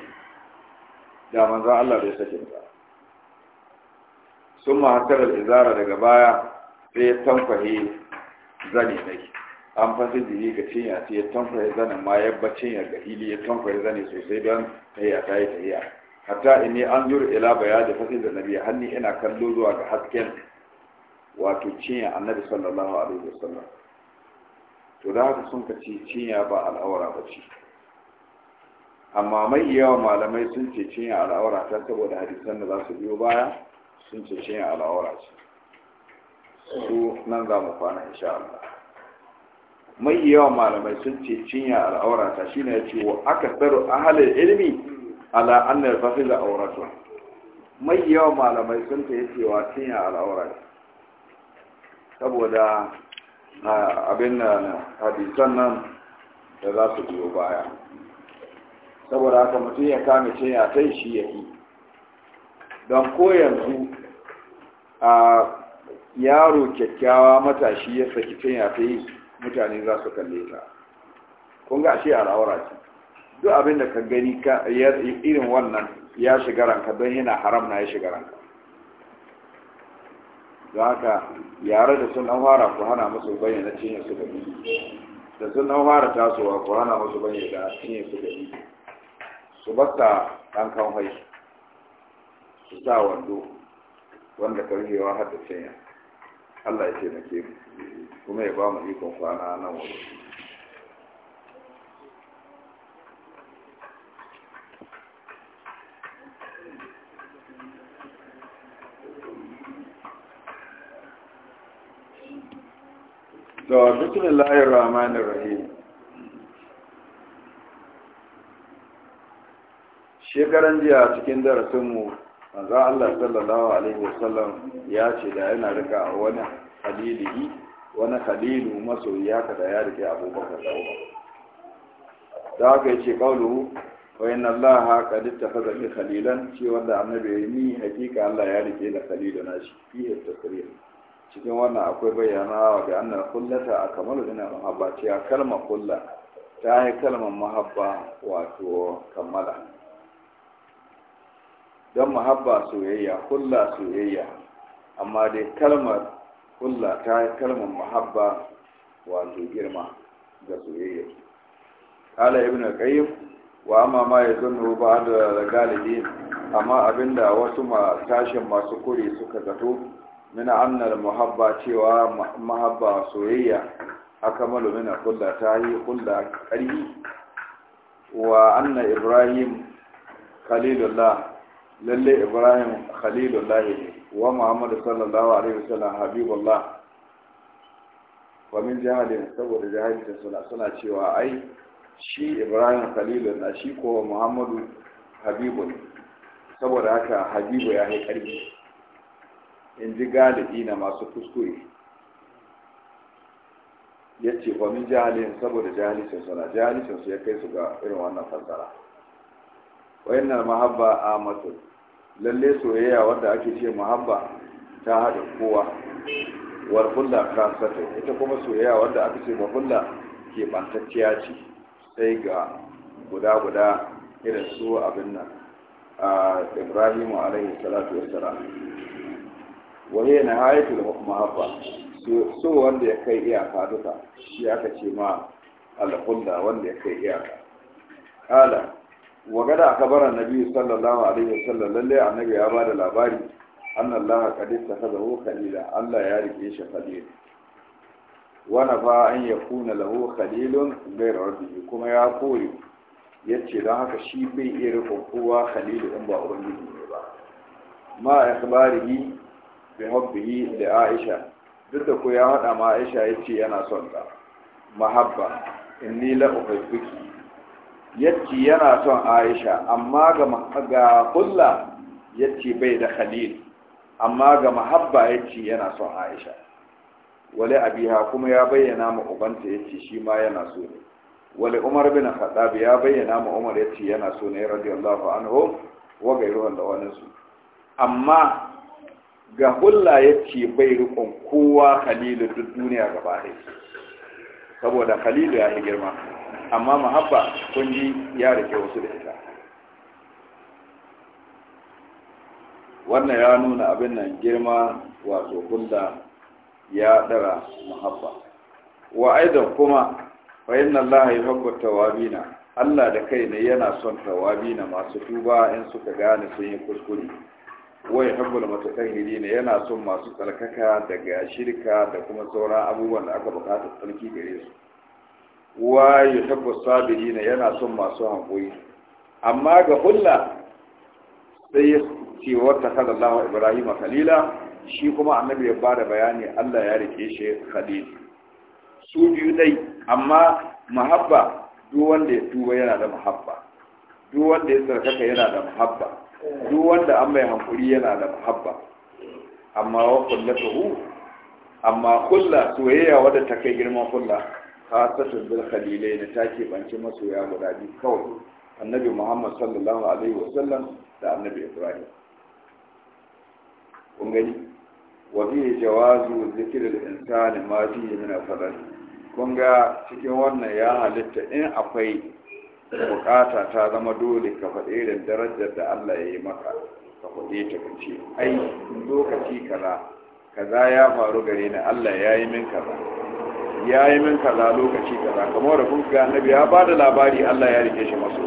da manzon Allah bai sake ba? sun mahatar izara daga baya sai ya tamfahe zane nake an fasa jini ga cinya sai ya tamfahi zanen ma yabba cinyar ga hili ya tamfahi zane sosai don tahiya ta yi tahiya hatta inni an yuri ila bayani fasil da nabi hanni ina kallo zuwa ga hasken wato cinya annabi sallallahu alaihi wasallam to da haka sun kace cinya ba al'awara ba ce amma mai yawa malamai sun ce cinya al'awara ta saboda hadisan da za su biyo baya sun ce cinya al'awara ce su nan za mu kwana insha Allah mai yawa malamai sun ce cinya al'awara ta shine ya ce wa aka tsaro ahalin ilimi ala annar da auratu mai yawan malamai sun ta yi cewa cinya al'aura saboda abin da hadisan nan da za su biyo baya saboda haka mutum ya kame cinya ta shi ya yi don ko yanzu a yaro kyakkyawa matashi ya saki cinya ta yi mutane za su kalle ta kun ga shi al'aura ce duk abin da ka gani ka irin wannan ya shiga ranka don yana haram na ya shiga ranka don haka yare da sun fara ku hana musu bayyana cinye su gani da sun fara tasowa ku hana musu bayyana cinye su gani su basta ɗan kan hwai su sa wando wanda karhewa har da cinya Allah ya ce na ke kuma ya ba mu ikon kwana nan wani to bismillahir rahmanir rahim shekaran jiya cikin darasinmu za Allah sallallahu alaihi wasallam ya ce da yana rika wani halilihi wani halilu masoyiya ka da ya rike abubakar da umar da haka ce qawluhu wa inna Allah qad ka bi khalilan ce wanda annabi yayi ni hakika Allah ya rike da khalilu na shi fi tasrih cikin wannan akwai wa da annar kullata a kamar ina mahabba a kalma kulla ta yi kalmar mahabba wato kammala don mahabba soyayya kulla soyayya amma dai kalmar kulla ta yi kalmar mahabba wato girma ga soyayya kala ibn al-qayyim wa amma ma yazunnu ba da galibi, amma abinda wasu tashin masu kuri suka zato mina annar muhabba cewa muhabba soyayya aka malu mina kulla ta yi kulla ƙarfi wa anna ibrahim khalilullah lalle ibrahim khalilullah ne? wa muhammadu sallallahu alaihi wasallam habibullah wa min jahalin saboda jahalin suna suna cewa ai shi ibrahim khalilun na shi ko muhammadu habibun saboda haka habibu ya yi ƙarfi in ji galibi na masu kuskure ya ce kwamin min jahalin saboda jahalicin suna jahalicin su ya kai su ga irin wannan fassara na mahabba a matu lalle soyayya wadda ake ce mahabba ta haɗa kowa war kan sata ita kuma soyayya wadda ake ce hulla ke bantacciya ce sai ga guda guda irin su abin nan a ibrahimu alaihi salatu wasu waye na hayatul mahabba so wanda ya kai iyaka duka shi aka ce ma alhulla wanda ya kai iyaka kala wa gada akbar annabi sallallahu alaihi wasallam lalle annabi ya bada labari anna allaha qad ittakhadahu khalila allah ya rike shi khalil wa nafa an yakuna lahu khalilun ghayr rabbihi kuma ya kore yace dan haka shi bai iya rike kowa khalilu in ba ubangiji ne ba ma ikhbarihi bi hubbihi da Aisha duk da ko ya hada ma Aisha yace yana son ta mahabba inni la uhibbuki yace yana son Aisha amma ga ga kulla yace bai da khalil amma ga mahabba yace yana son Aisha wale abiha kuma ya bayyana ma ubanta yace shi ma yana so ne wale Umar bin Khattab ya bayyana ma Umar yace yana so ne radiyallahu anhu wa gairuwan da wani su amma ga hulla ya ce bai rikon kowa khalilu duk duniya gaba ɗaya saboda khalilu ya yi girma amma mahabba kun ji ya rike wasu da ita wannan ya nuna abin nan girma wato hulla ya ɗara mahabba wa aidan kuma fa inna allaha yuhibbu tawabina Allah da kai ne yana son tawabina masu tuba in suka gane sun yi kuskure wa yuhibbul ne yana son masu tsarkaka daga shirka da kuma sauran abubuwan da aka bukata tsarki gare su wa sabiri ne yana son masu hankoyi? amma ga hulla sai ya ce wata sallallahu ibrahim khalila shi kuma annabi ya bada bayani Allah ya rike shi khalil su biyu dai amma mahabba duk wanda ya tuba yana da mahabba duk wanda ya tsarkaka yana da mahabba duk wanda an mai hankuri yana da muhabba amma wa kullatuhu amma kulla soyayya wadda ta kai girman kulla khasatun bil khalilai ne ta ke banci masoya guda biyu kawai annabi muhammad sallallahu alaihi wasallam da annabi ibrahim kun gani wa fi jawazu insani ma fi min al kun ga cikin wannan ya halitta in akwai bukata ta zama dole ka faɗe da darajar da Allah ya yi maka ka faɗe ta ka ce ai lokaci kaza kaza ya faru gare ni Allah ya yi min kaza ya yi min kaza lokaci kaza kamar da kun ga annabi ya bada labari Allah ya rike shi maso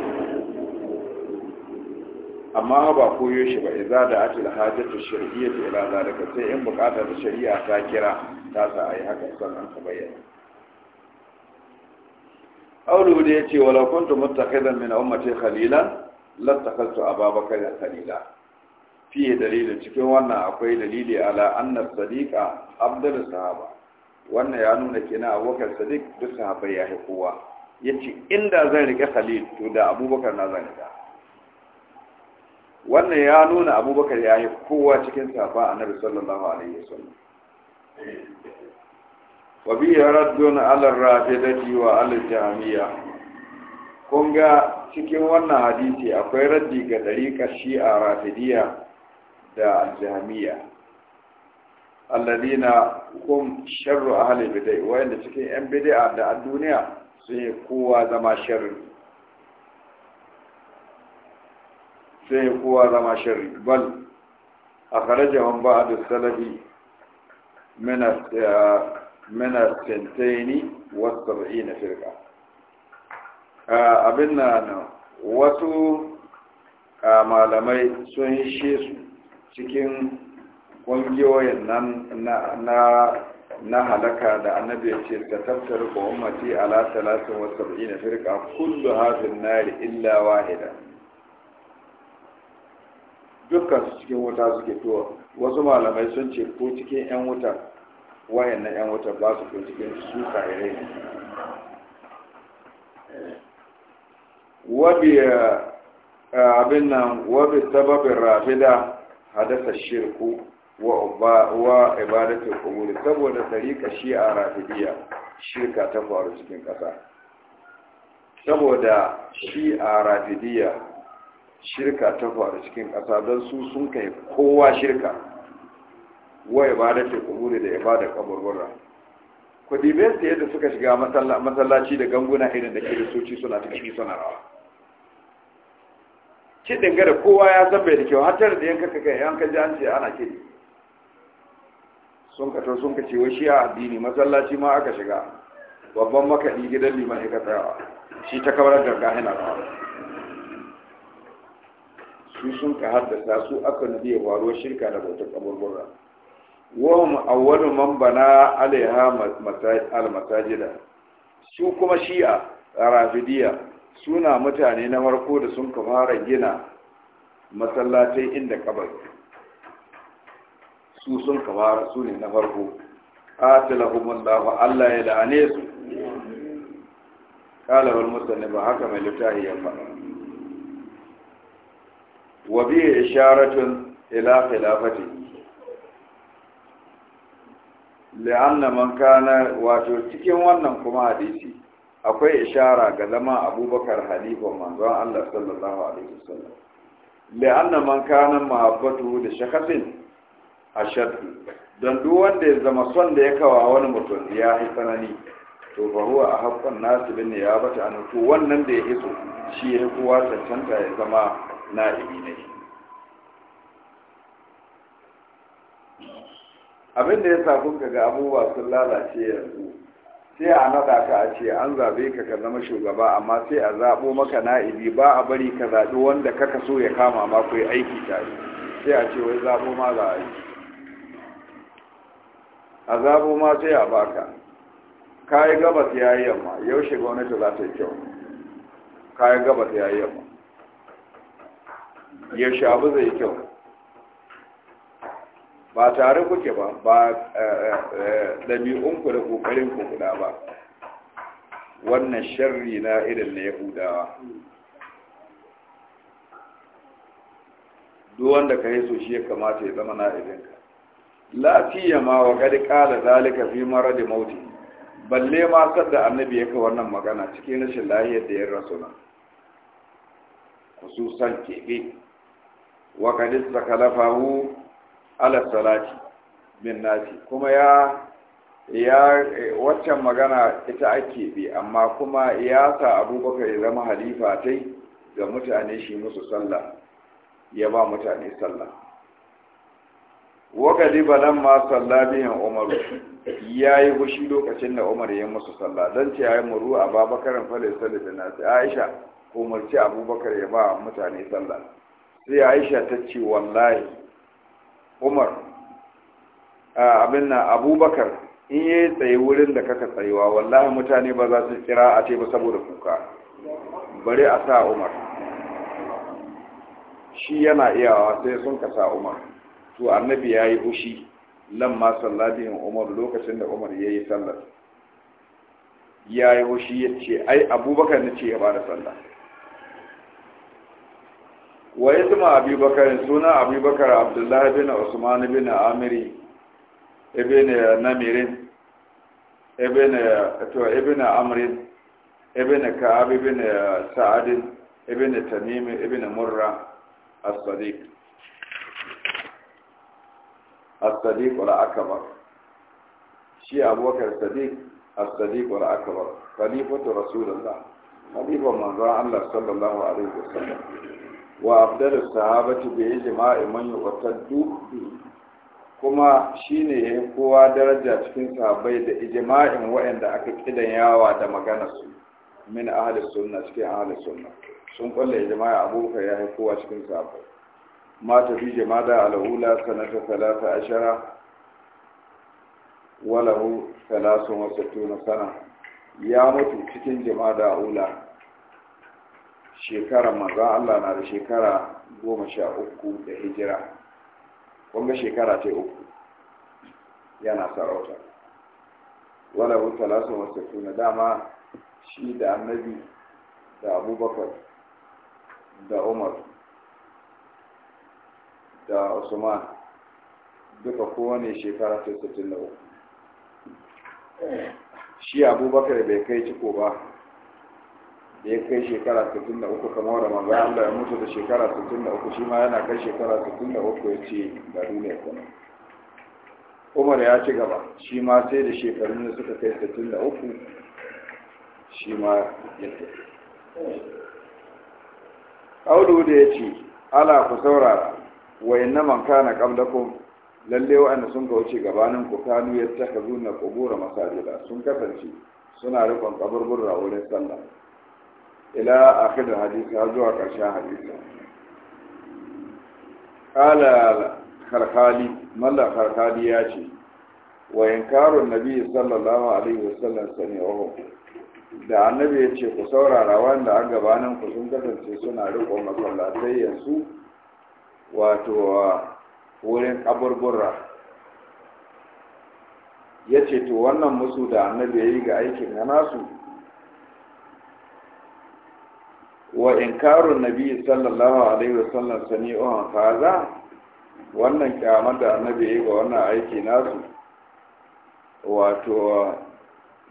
amma ba koyo shi ba idza da atil hajatu shar'iyyati ila zalika sai in bukata da shari'a ta kira ta sa ai haka sannan ka bayyana qawlu da ya ce, wala kuntu muttakhidan min ummati khalilan lattakhaltu ababakar khalila fiye dalilin cikin wannan akwai dalili ala anna sadiqa abdul sahaba wannan ya nuna kina abubakar sadiq duk sahabai ya yi kowa yace inda zan rike khalil to da abubakar na zan rika wannan ya nuna abubakar ya yi kowa cikin safa a nabi sallallahu alaihi wasallam wa bi raddun ala rafidati wa ala jami'a kun ga cikin wannan hadisi akwai raddi ga shi a rafidiya da jami'a alladina kum sharru ahli bidai wanda cikin yan bid'a da duniya sai kowa zama sharri sai kowa zama sharri bal akhrajahum ba'd as-salafi من الثنتين والسبعين فرقة أبنا وتو malamai sun hishe su cikin ƙungiyoyin nan na halaka da annabi ya ce ta tattar ga ummati ala talatin wa sab'in firqa kullu hadin nari illa wahida dukkan cikin wuta suke to wasu malamai sun ce ko cikin yan wuta wayan na yan wata ba su kai cikin su ka'irai ne wabi eh, abin nan wabi sababin rafida hadasa shirku wa wa ibadatu umuri saboda tariƙa shi'a rafidiya shirka ta faru cikin kasa saboda shi'a rafidiya shirka ta faru cikin kasa dan su sun kai kowa shirka wa ibadatul quburi da ibadar kaburburra ku dibe su yadda suka shiga masallaci da ganguna irin da ke soci suna ta kashi suna rawa dinga da kowa ya san bai da kyau hatar da yanka kakai yanka ji an ce ana kiɗi sun kato sun kace wai shi a addini masallaci ma aka shiga babban makaɗi gidan liman ya tsaya shi ta kawar da gahina rawa su sun ka haddasa su aka nufi ya shirka da bautar kaburbura wom awwalu man bana alaiha almasajida su kuma shi'a rafidiya suna mutane na farko da sun fara gina masallatai inda kabar su sun fara su ne na farko qatilahumullahu Allah ya la'ane su qala wal musannif haka mai littafi ya fara wa bi isharatun ila khilafatihi li'anna man kana wato cikin wannan kuma hadisi akwai ishara ga zama abubakar halifan manzon Allah sallallahu alaihi wasallam li'anna man kana mahabbatu da shakasin ashad dan duk wanda ya zama son da ya kawa wani mutum ya yi tsanani to fa huwa ahaqqan nas bin niyabati an to wannan da ya hiso shi ya kowa cancanta ya zama na'ibi ne abin da ya safin ka ga abubuwa sun lalace yanzu sai a naɗa ka a ce an zaɓe ka ka zama shugaba amma sai a zaɓo maka na'ibi ba a bari ka zaɓi wanda kaka so ya kama ma ku yi aiki tare sai a ce wai zaɓo ma za a yi a zaɓo ma sai a baka ka yi gabas ya yi yamma yaushe gwamnati za ta yi kyau ka yi gabas ya yi yamma yaushe abu zai yi kyau ba tare kuke ba ba eh, eh, eh, ɗabi'unku da ƙoƙarinku guda ba wannan sharri na irin na yahudawa duk wanda ka yi so shi ya kamata ya zama na idinka lafiya ma wa kadi kala zalika fi maradi mauti balle ma sadda annabi yake wannan magana cikin rashin lahiyar da ya rasu nan. khususan keɓe. wa kadi sakalafahu ala salati bin nasi kuma ya ya waccan magana ita ake bi amma kuma ya sa abubakar ya zama halifa tai ga mutane shi musu sallah ya ba mutane sallah ba nan ma sallah biyan umaru ya yi bushi lokacin da umar ya musu sallah don ce ya yi muru a babakarin falai sallah da nasi aisha umarci abubakar ya ba mutane sallah sai aisha ta ce wallahi umar abin na abubakar in ya yi tsaye wurin da kaka tsayewa wallahi mutane ba za su kira a ce ba saboda kuka bari a sa umar shi yana iyawa sai sun ka sa umar to annabi ya yi hushi ma salladihin umar lokacin da umar ya yi sallar ya yi hushi ya ce ai abubakar na ce ya ba da sallah ويسمى أبي بكر سنة أبي بكر عبد الله بن عثمان بن عامري ابن نمير ابن ابن عمر ابن كعب بن سعد ابن تميم ابن مرة الصديق الصديق والأكبر شيء أبو بكر الصديق الصديق والأكبر خليفة رسول الله خليفة من رأى الله صلى الله عليه وسلم wa abdar sahabati bi ijma'i man yuqtadu kuma shine yayin kowa daraja cikin sahabbai da ijma'in waɗanda aka kidan yawa da magana su min ahli sunna cikin ahli sunna sun kulle ijma'i Bakar ya kowa cikin sahabbai mata bi jama'a al-ula sanata 13 ashara walahu talatin sana ya mutu cikin jama'a al-ula shekara maza Allah na da shekara goma sha uku da hijira kunga shekara ce uku yana sarauta wadda wuta lasu wasu tuna dama shi da annabi da abubakar da umar da usman duka kowane shekara ta 63 shi abubakar bai kai ciko ba da ya kai shekara 63 kamar da manzo Allah ya mutu da shekara 63 shi ma yana kai shekara 63 ya ce da duniya kuma Umar ya ci gaba shi ma sai da shekarun da suka kai 63 shi ma ya tafi Audu da ya ce ala ku saurara wa inna man kana qablakum lalle wa'anda sun ga wuce gabanin ku kanu yattakhazuna qubura masajida sun kasance suna rikon kaburburra wurin sallah ila akhir hadisi har zuwa ƙarshen hadisi kala karkali mallan karkali ya ce wa inkarun nabi sallallahu alaihi wasallam sami'uhu da annabi ya ce ku saurara wanda an gabanin ku sun kasance suna riƙon masallatai yanzu wato wurin kaburbura ya ce to wannan musu da annabi ya yi ga aikin na nasu wa inkarun nabi sallallahu alaihi wasallam sani'uhan kaza wannan kyamar da annabi ya ga wannan aiki nasu wato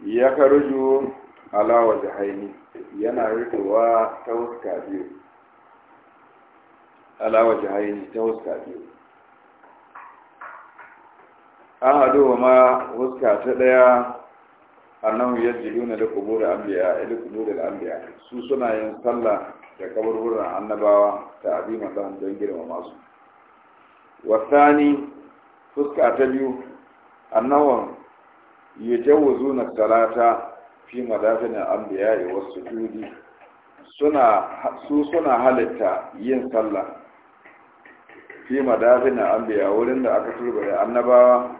ya karuju alawa jahaini yana rikowa ta huska biyu alawa jahaini ta huska biyu ahadu ma huska ta daya annahu yajiduna li qubur anbiya li qubur anbiya su suna yin sallah da kaburburan annabawa ta abima lahum don girma masu wasani fuska ta biyu annahu yajawuzuna salata fi madafin al-anbiya wa sujudi suna su suna halitta yin sallah fi madafin anbiya wurin da aka turba da annabawa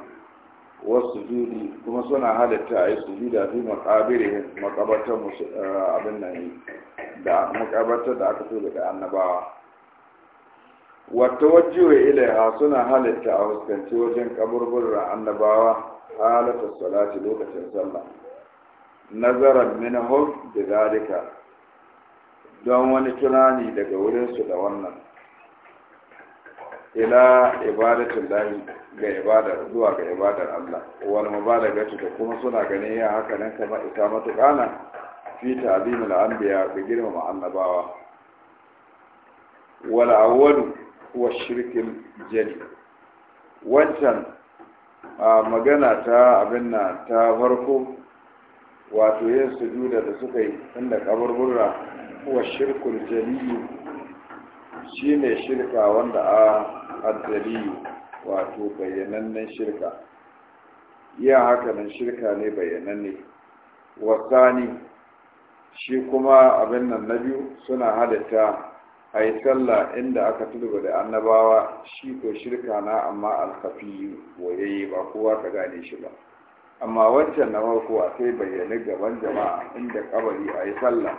wasu juri kuma suna halatta a yi sujuda fi makabirin makabatar eh, abin nan da makabatar da aka tobe da annabawa wata wajiyo ilaiha suna halitta a fuskanci wajen kaburbura annabawa halatta salati lokacin sallah nazarar minahol da zalika don wani tunani daga wurinsu da wannan ila ibadatin lahi ga ibadar zuwa ga ibadar Allah wal mubalagatu da kuma suna ganin ya haka nan kamar ita matukana fi ta'zimul anbiya ga girmama annabawa wal awwalu wa shirkin jali wancan magana ta abin nan ta farko wato yin sujuda da suka yi inda kaburburra wa shirkul jali shine shirka wanda a azzaliyu wato bayyanannen shirka iya hakanan shirka ne bayyananne wasani shi kuma abin nan na biyu suna halitta a yi sallah inda aka turba da annabawa shi ko shirka na amma alkafi woyayye ba kowa ka gane shi ba amma wancan na farko a sai bayyane gaban jama'a inda kabari a yi sallah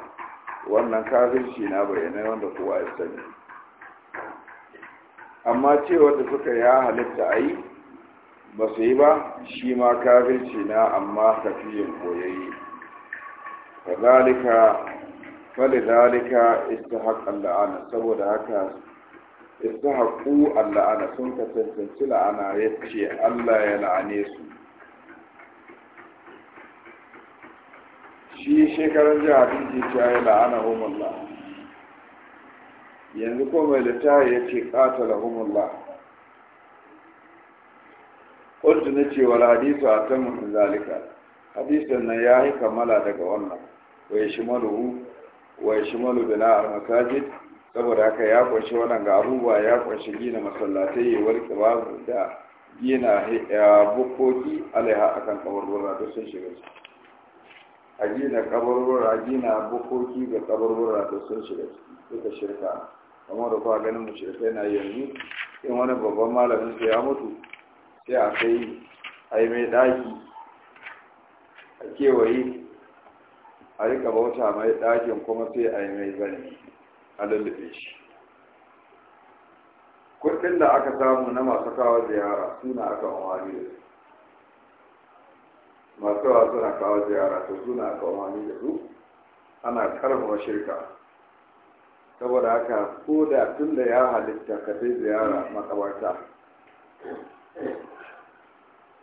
wannan kafin shi na bayyane wanda kowa ya sani amma cewa da suka ya halitta a yi ba su yi ba shi ma kafirci na amma tafiyin koyayi kazalika falidalika istihaq la'ana saboda haka istihaqu la'ana sun kasance la'ana ce Allah ya la'ane su shi shekaran jihar hadisi ya la'ana Allah yanzu ko mai littafi ya ce ƙatala humullah ƙuntu na cewar hadisu a kan mutum zalika hadisun nan ya yi kammala daga wannan wa ya shimalu wa ya shimalu bina al-masajid saboda haka ya wannan ga abubuwa ya ƙunshi gina masallatai ya warke ba da gina bukoki alaiha akan kabarwara da sun shiga ciki a gina kabarwara gina bukoki ga kabarwara da sun shiga ciki duka shirka kamar da kuwa ganin mushrikai na yanzu in wani babban malamin su ya mutu sai a kai a yi mai ɗaki a kewaye a rika bauta mai ɗakin kuma sai a yi mai zane a lullube shi kudin da aka samu na masu kawo ziyara suna aka wani da su masu yawa suna kawo ziyara to suna aka wani da su ana karfafa shirka saboda haka ko da tun da ya halitta ka sai ziyara makabarta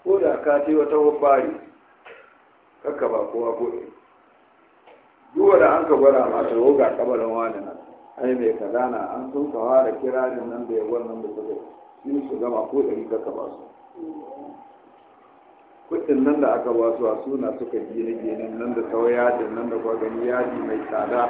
ko da ka ce wata hubbari kakka ba kowa ko ne duwa da an ka gwada masu roga kabarin wani nan ai mai kaza an sun kawa da kiranin nan da yawon nan da suka yi su gama ko ɗari kakka ba su kuɗin nan da aka ba su a suna suka gine-gine nan da sauya da nan da kwa gani yaji mai tsada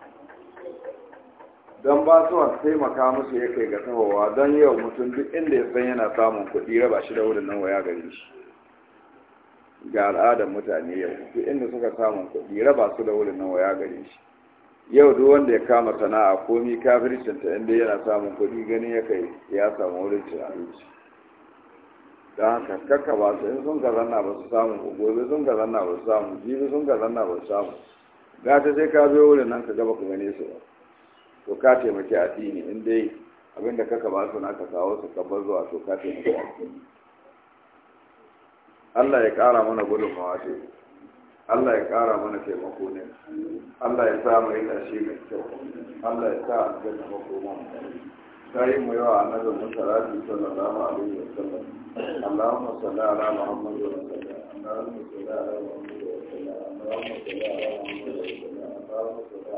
don ba su taimaka musu ya kai ga tahowa don yau mutum duk inda ya san yana samun kuɗi raba shi da wurin nan waya gari shi ga al'adar mutane yau duk inda suka samun kuɗi raba su da wurin nan waya gari shi yau duk wanda ya kama sana'a komi kafircin ta inda yana samun kuɗi gani ya kai ya samu wurin cin abinci don haka kakka ba su in sun zanna ba su samu gobe sun zanna ba su samu jibi sun zanna ba su samu gata sai ka biyo wurin nan ka gaba ku gane su ba to ka taimaki addini in dai abin da kaka ba su na ka kawo su ka bar zuwa to ka taimaki addini Allah ya ƙara mana gudunmawa ce Allah ya ƙara mana taimako ne Allah ya sa mu ina shi mai kyau Allah ya sa aljanna makoma ta yi mu yawa annabin musallati sallallahu alaihi wa sallam Allahumma salli ala Muhammad wa sallam Allahumma salli ala Muhammad wa sallam Allahumma salli ala Muhammad wa sallam